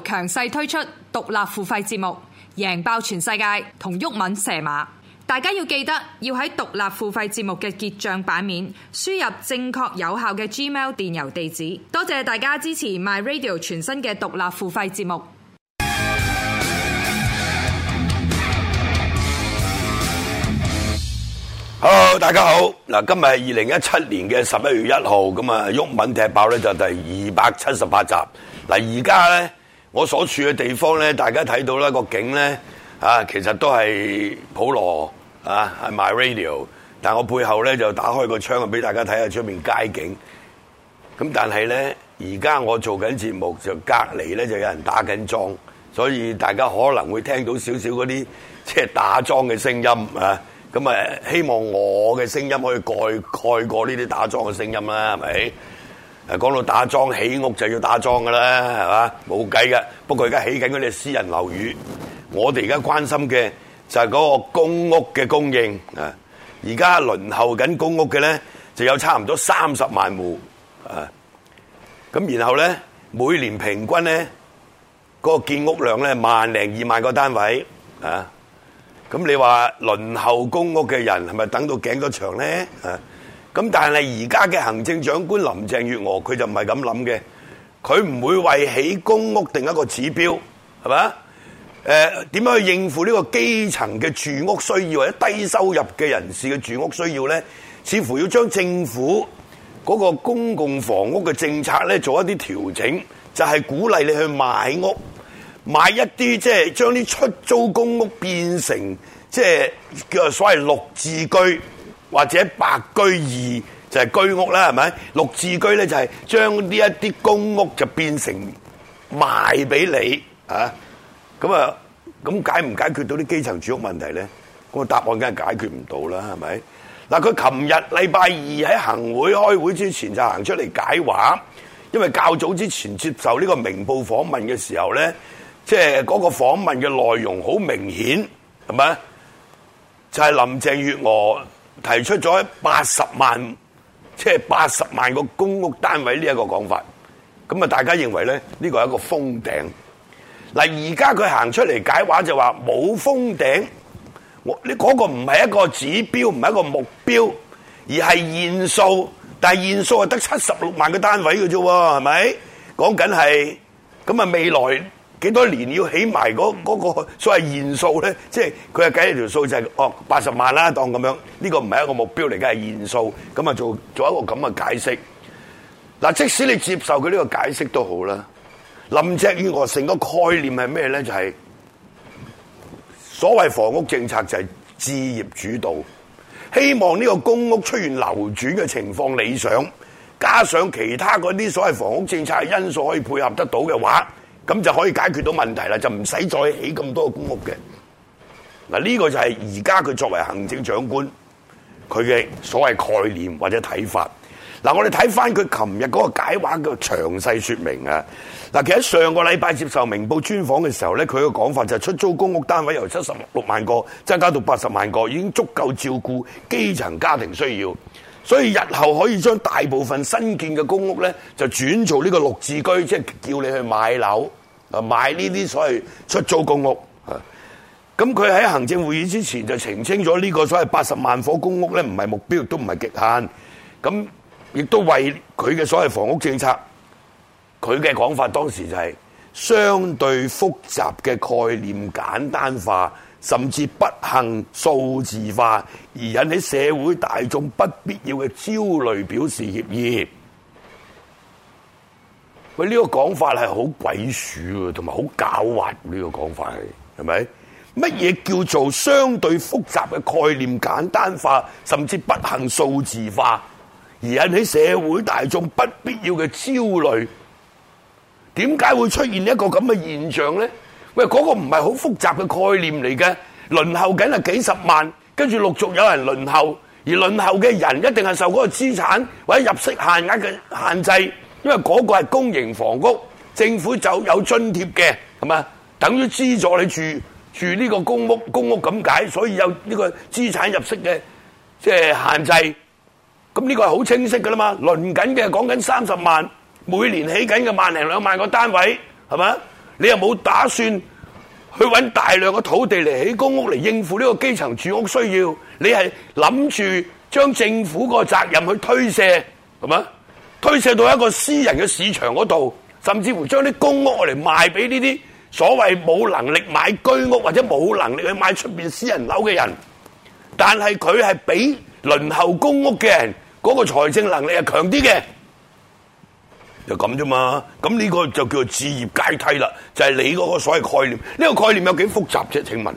強勢推出獨立付費節目，贏爆全世界同毓民蛇馬，大家要記得要喺獨立付費節目嘅結賬版面輸入正確有效嘅 Gmail 電郵地址。多謝大家支持 My Radio 全新嘅獨立付費節目。Hello 大家好，嗱，今日係二零一七年嘅十一月一號，咁啊，毓民踢爆咧就第二百七十八集，嗱，而家咧。我所處嘅地方咧，大家睇到啦，個景咧啊，其實都係普羅啊，係 MyRadio。但我背後咧就打開個窗啊，俾大家睇下出面街景。咁但係咧，而家我做緊節目，就隔離咧就有人打緊樁，所以大家可能會聽到少少嗰啲即係打樁嘅聲音啊。咁啊，希望我嘅聲音可以蓋蓋過呢啲打樁嘅聲音啦，係咪？誒，講到打樁，起屋就要打樁噶啦，係嘛，冇計噶不過而家起緊嗰啲私人樓宇，我哋而家關心嘅，就係嗰個公屋嘅供應。誒，而家輪候緊公屋嘅咧，就有差唔多三十萬戶。誒，咁然後咧，每年平均咧，嗰個建屋量咧萬零二萬個單位。啊，咁你話輪候公屋嘅人係咪等到頸都長咧？啊？咁但係而家嘅行政長官林鄭月娥，佢就唔係咁諗嘅，佢唔會為起公屋定一個指標，係嘛？誒點樣去應付呢個基層嘅住屋需要或者低收入嘅人士嘅住屋需要呢？似乎要將政府嗰個公共房屋嘅政策呢，做一啲調整，就係鼓勵你去買屋，買一啲即係將啲出租公屋變成即係叫所謂六字居。或者白居二就係、是、居屋啦，係咪？綠置居咧就係將呢一啲公屋就變成賣俾你啊！咁啊，咁解唔解決到啲基層住屋問題咧？個答案梗係解決唔到啦，係咪？嗱，佢琴日禮拜二喺行會開會之前就行出嚟解話，因為較早之前接受呢個明報訪問嘅時候咧，即係嗰個訪問嘅內容好明顯係咪？就係、是就是、林鄭月娥。提出咗八十萬，即係八十萬個公屋單位呢一個講法，咁啊大家認為咧呢個係一個封頂。嗱，而家佢行出嚟解話就話冇封頂，我呢嗰個唔係一個指標，唔係一個目標，而係現數。但係現數係得七十六萬個單位嘅啫喎，係咪？講緊係咁啊，未來。幾多年要起埋嗰個所謂現數咧？即係佢係計條數就係、是、哦八十萬啦，當咁樣呢、這個唔係一個目標嚟嘅，係現數，咁啊做做一個咁嘅解釋。嗱，即使你接受佢呢個解釋都好啦。林鄭月娥成個概念係咩咧？就係、是、所謂房屋政策就係置業主導，希望呢個公屋出現流轉嘅情況理想，加上其他嗰啲所謂房屋政策嘅因素可以配合得到嘅話，咁就可以解決到問題啦，就唔使再起咁多個公屋嘅。嗱，呢個就係而家佢作為行政長官佢嘅所謂概念或者睇法。嗱，我哋睇翻佢琴日嗰個解話嘅詳細說明啊。嗱，其實上個禮拜接受明報專訪嘅時候咧，佢嘅講法就係出租公屋單位由七十六萬個增加到八十萬個，已經足夠照顧基層家庭需要，所以日後可以將大部分新建嘅公屋咧就轉做呢個綠置居，即係叫你去買樓。啊！買呢啲所謂出租公屋，咁佢喺行政會議之前就澄清咗呢個所謂八十萬伙公屋呢唔係目標，都唔係極限。咁亦都為佢嘅所謂房屋政策，佢嘅講法當時就係相對複雜嘅概念簡單化，甚至不幸數字化，而引起社會大眾不必要嘅焦慮表示歉意。喂，呢個講法係好鬼鼠，同埋好狡猾。呢個講法係，係咪？乜嘢叫做相對複雜嘅概念簡單化，甚至不幸數字化，而引起社會大眾不必要嘅焦慮？點解會出現一個咁嘅現象呢？喂，嗰個唔係好複雜嘅概念嚟嘅，輪候緊係幾十萬，跟住陸續有人輪候，而輪候嘅人一定係受嗰個資產或者入息限額嘅限制。因為嗰個係公營房屋，政府就有津貼嘅，係嘛？等於資助你住住呢個公屋，公屋咁解，所以有呢個資產入息嘅即係限制。咁呢個係好清晰噶啦嘛？輪緊嘅講緊三十萬，每年起緊嘅萬零兩萬個單位，係嘛？你又冇打算去揾大量嘅土地嚟起公屋嚟應付呢個基層住屋需要？你係諗住將政府個責任去推卸，係嘛？推卸到一個私人嘅市場嗰度，甚至乎將啲公屋嚟賣俾呢啲所謂冇能力買居屋或者冇能力去買出邊私人樓嘅人，但係佢係比輪候公屋嘅人嗰個財政能力係強啲嘅，就咁啫嘛。咁呢個就叫做置業階梯啦，就係你嗰個所謂概念。呢個概念有幾複雜啫？請問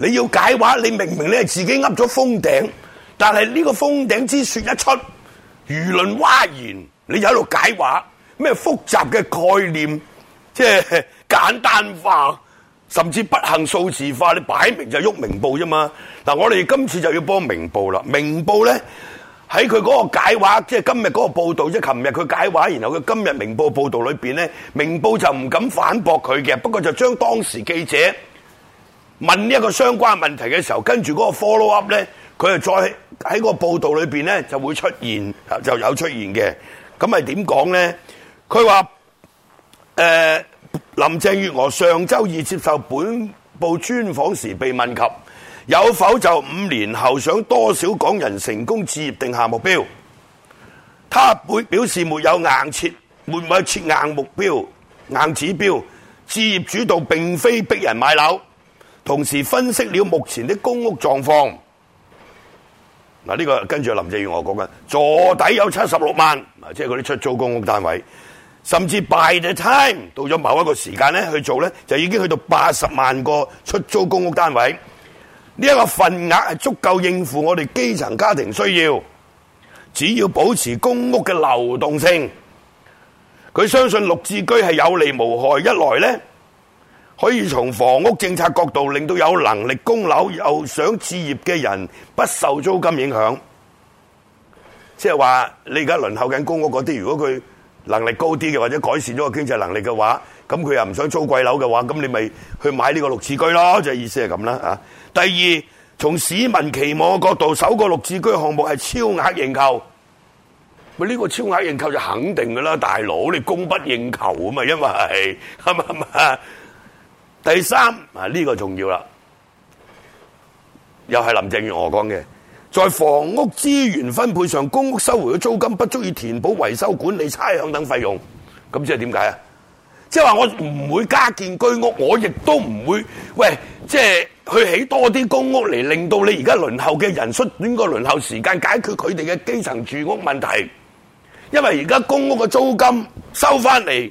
你要解話，你明明你係自己噏咗封頂，但係呢個封頂之說一出，輿論嘩然，你又喺度解話咩複雜嘅概念，即係簡單化，甚至不幸數字化。你擺明就喐明報啫嘛。嗱，我哋今次就要幫明報啦。明報咧，喺佢嗰個解話，即係今日嗰個報導，即係琴日佢解話，然後佢今日明報報導裏面咧，明報就唔敢反駁佢嘅，不過就將當時記者問呢一個相關問題嘅時候，跟住嗰個 follow up 咧。佢又再喺個報道裏邊咧，就會出現就有出現嘅。咁係點講咧？佢話：誒林鄭月娥上週二接受本報專訪時被問及，有否就五年後想多少港人成功置業定下目標？他會表示沒有硬設，沒有設硬目標、硬指標。置業主導並非逼人買樓。同時分析了目前的公屋狀況。嗱，呢個跟住林鄭月娥講緊，坐底有七十六萬，即係嗰啲出租公屋單位，甚至 by the time 到咗某一個時間咧，去做咧，就已經去到八十萬個出租公屋單位，呢一個份額係足夠應付我哋基層家庭需要，只要保持公屋嘅流動性，佢相信綠置居係有利無害，一來咧。可以從房屋政策角度，令到有能力供樓又想置業嘅人不受租金影響。即係話，你而家輪候緊公屋嗰啲，如果佢能力高啲嘅，或者改善咗個經濟能力嘅話，咁佢又唔想租貴樓嘅話，咁你咪去買呢個綠置居咯，就意思係咁啦。第二，從市民期望嘅角度，首個綠置居項目係超額認購。喂，呢個超額認購就肯定噶啦，大佬你供不應求啊嘛，因為係係嘛。第三啊，呢個重要啦，又係林鄭月娥講嘅，在房屋資源分配上，公屋收回嘅租金不足以填補維修、管理、差餉等費用，咁即係點解啊？即係話我唔會加建居屋，我亦都唔會喂，即係去起多啲公屋嚟，令到你而家輪候嘅人縮短個輪候時間，解決佢哋嘅基層住屋問題。因為而家公屋嘅租金收翻嚟。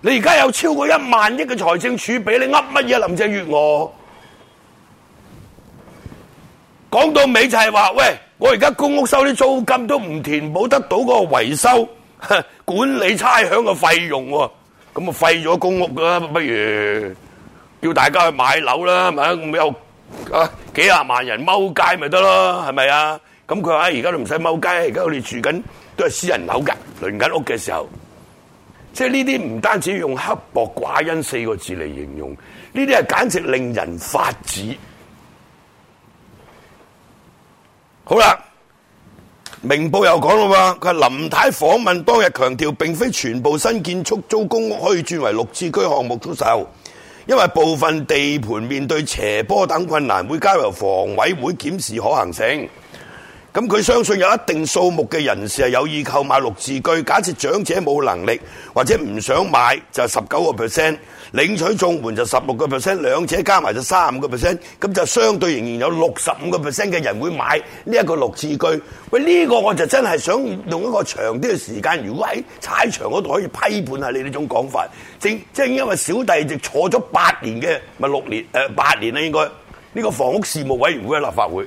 你而家有超過一萬億嘅財政儲備，你呃乜嘢林鄭月娥？講到尾就係話，喂，我而家公屋收啲租金都唔填補得到嗰個維修管理差餉嘅費用喎、啊，咁啊廢咗公屋㗎啦，不如叫大家去買樓啦，咪有啊幾廿萬人踎街咪得咯，係咪啊？咁佢話：而家都唔使踎街，而家我哋住緊都係私人樓㗎，輪緊屋嘅時候。即係呢啲唔單止用刻薄寡恩四個字嚟形容，呢啲係簡直令人發指。好啦，明報又講啦，佢林太訪問當日強調，並非全部新建出租公屋可以轉為綠置居項目出售，因為部分地盤面對斜坡等困難，會交由房委會檢視可行性。咁佢相信有一定數目嘅人士係有意購買六字句。假設長者冇能力或者唔想買，就十九個 percent 領取綜援就十六個 percent，兩者加埋就三十五個 percent。咁就相對仍然有六十五個 percent 嘅人會買呢一個六字句。喂，呢個我就真係想用一個長啲嘅時間，如果喺踩場嗰度可以批判下你呢種講法。正正因為小弟就坐咗八年嘅咪六年誒八年啦，應該呢個房屋事務委員會嘅立法會。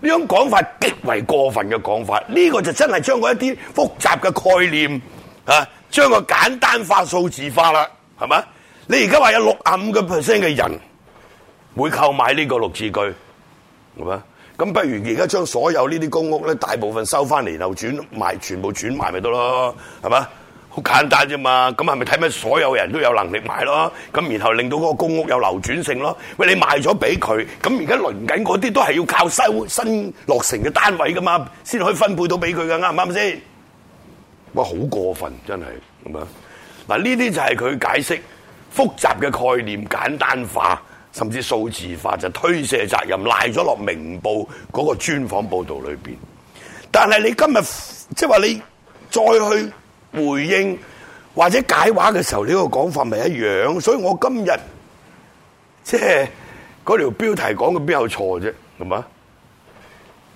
呢種講法極為過分嘅講法，呢、這個就真係將個一啲複雜嘅概念啊，將個簡單化、數字化啦，係嘛？你而家話有六十五個 percent 嘅人會購買呢個六字句，係嘛？咁不如而家將所有呢啲公屋咧，大部分收翻嚟又轉賣，全部轉埋咪得咯，係嘛？好簡單啫嘛，咁係咪睇咩所有人都有能力買咯？咁然後令到嗰個公屋有流轉性咯？喂，你賣咗俾佢，咁而家輪緊嗰啲都係要靠收新落成嘅單位噶嘛，先可以分配到俾佢噶，啱唔啱先？喂，好過分真係咁啊！嗱，呢啲就係佢解釋複雜嘅概念簡單化，甚至數字化就推卸責任，賴咗落明報嗰個專訪報導裏邊。但係你今日即係話你再去。回應或者解畫嘅時候，呢個講法咪一樣，所以我今日即係嗰條標題講嘅邊有錯啫，係嘛？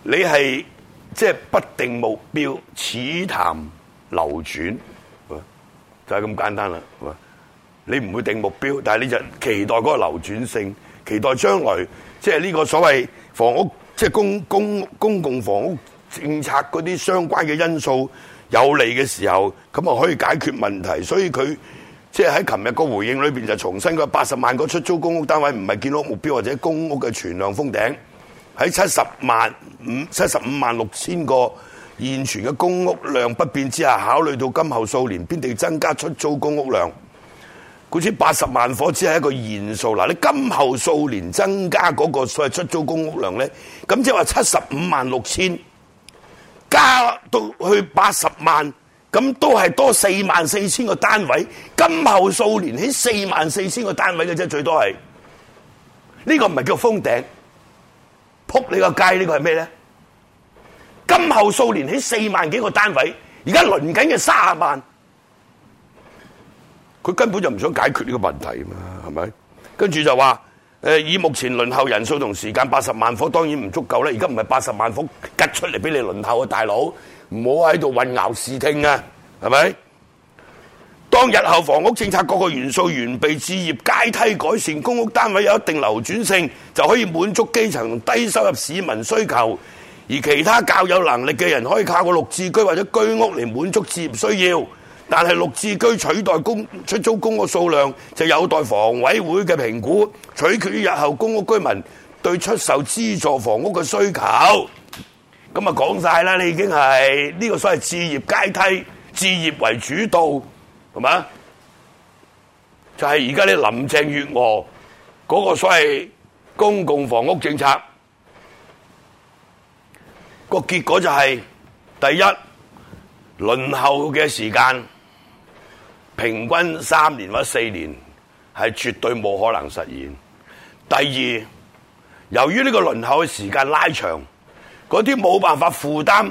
你係即係不定目標，侈談流轉，就係咁簡單啦，係嘛？你唔會定目標，但係你就期待嗰個流轉性，期待將來即係呢個所謂房屋即係公公公共房屋政策嗰啲相關嘅因素。有利嘅時候，咁啊可以解決問題，所以佢即係喺琴日個回應裏邊就重申個八十萬個出租公屋單位唔係建屋目標或者公屋嘅存量封頂，喺七十萬五七十五萬六千個現存嘅公屋量不變之下，考慮到今後數年邊度增加出租公屋量，故此八十萬伙只係一個現數。嗱，你今後數年增加嗰個所謂出租公屋量咧，咁即係話七十五萬六千。加到去八十萬，咁都係多四萬四千個單位。今後數年起四萬四千個單位嘅啫，最多係。呢個唔係叫封頂，扑你個街呢個係咩咧？今後數年起四萬幾個單位，而家輪緊嘅卅萬，佢根本就唔想解決呢個問題啊嘛，係咪？跟住就話。以目前輪候人數同時間，八十萬幅當然唔足夠咧。而家唔係八十萬幅吉出嚟畀你輪候啊，大佬，唔好喺度混淆視聽啊，係咪？當日後房屋政策各個元素完備，置業階梯改善，公屋單位有一定流轉性，就可以滿足基層低收入市民需求。而其他較有能力嘅人，可以靠個綠置居或者居屋嚟滿足置業需要。但係綠置居取代公出租公屋數量，就有待房委會嘅評估，取決於日後公屋居民對出售資助房屋嘅需求。咁啊，講晒啦，你已經係呢個所謂置業階梯，置業為主導，係嘛？就係而家你林鄭月娥嗰個所謂公共房屋政策，個結果就係、是、第一輪候嘅時間。平均三年或者四年係絕對冇可能實現。第二，由於呢個輪候嘅時間拉長，嗰啲冇辦法負擔，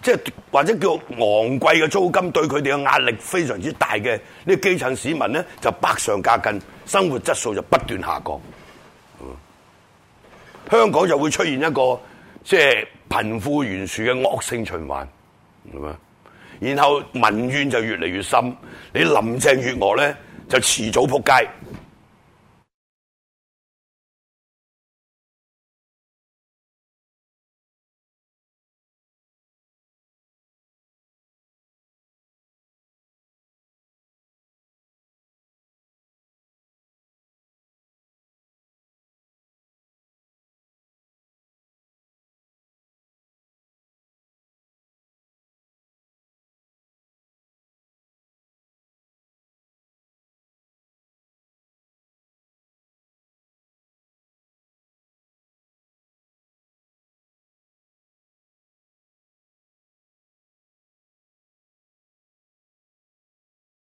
即係或者叫昂貴嘅租金，對佢哋嘅壓力非常之大嘅呢、這個、基層市民咧，就百上加斤，生活質素就不斷下降。香港就會出現一個即係貧富懸殊嘅惡性循環，係嘛？然後民怨就越嚟越深，你林鄭月娥呢就遲早撲街。